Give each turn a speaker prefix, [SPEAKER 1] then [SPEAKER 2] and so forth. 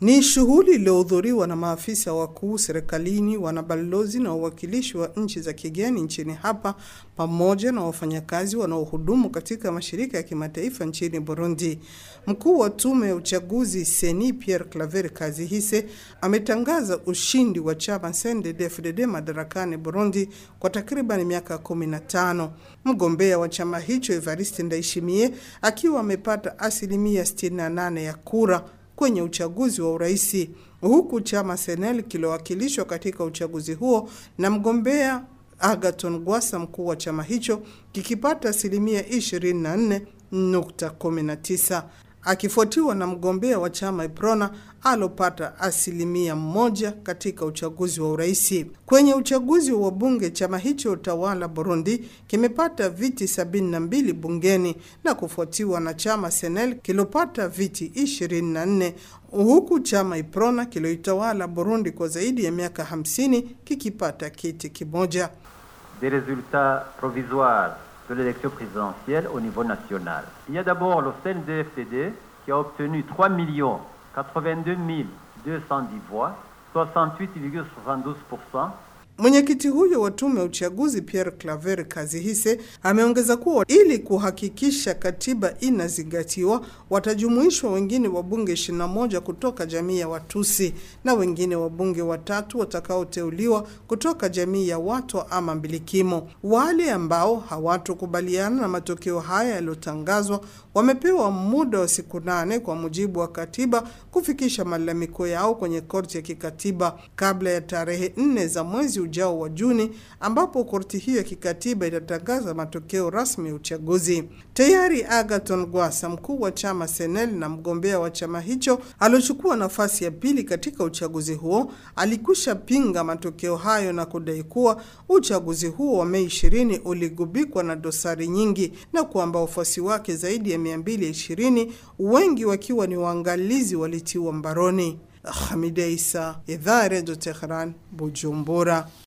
[SPEAKER 1] Ni shughuli iliyohudhuriwa na maafisa wakuu serikalini, wanabalozi na wawakilishi wa nchi za kigeni nchini hapa pamoja na wafanyakazi wanaohudumu katika mashirika ya kimataifa nchini Burundi. Mkuu wa tume ya uchaguzi Seni Pierre Claver Kazihise ametangaza ushindi wa chama CNDD-FDD madarakani Burundi kwa takriban miaka 15. Mgombea wa chama hicho Evariste Ndayishimiye akiwa amepata asilimia 68 ya kura kwenye uchaguzi wa uraisi, huku chama Senel kilowakilishwa katika uchaguzi huo na mgombea Agaton Gwasa, mkuu wa chama hicho, kikipata asilimia 24.19 akifuatiwa na mgombea wa chama Iprona alopata asilimia moja katika uchaguzi wa uraisi. Kwenye uchaguzi wa bunge, chama hicho utawala Burundi kimepata viti mbili bungeni na kufuatiwa na chama Senel kilopata viti nne huku chama Iprona kilioitawala Burundi kwa zaidi ya miaka hamsini kikipata kiti
[SPEAKER 2] kimoja. Des de l'élection présidentielle au niveau national. Il y a d'abord le CNDFTD qui a obtenu 3 82 210 voix, 68,72%
[SPEAKER 1] Mwenyekiti huyo wa tume ya uchaguzi Pierre Claver Kazihise ameongeza kuwa ili kuhakikisha katiba inazingatiwa, watajumuishwa wengine wabunge 21 kutoka jamii ya Watusi na wengine wabunge watatu watakaoteuliwa kutoka jamii ya Watwa ama mbilikimo. Wale ambao hawatokubaliana na matokeo haya yaliyotangazwa wamepewa muda wa siku nane kwa mujibu wa katiba kufikisha malalamiko yao kwenye korti ya kikatiba kabla ya tarehe nne za mwezi ujao wa Juni ambapo korti hiyo ya kikatiba itatangaza matokeo rasmi ya uchaguzi. Tayari agaton Gwasa, mkuu wa chama Senel na mgombea wa chama hicho aliochukua nafasi ya pili katika uchaguzi huo, alikusha pinga matokeo hayo na kudai kuwa uchaguzi huo wa Mei 20 uligubikwa na dosari nyingi na kwamba wafuasi wake zaidi ya 220 wengi wakiwa ni waangalizi walitiwa mbaroni. خميديسا إذاعة راديو تهران بجمبورة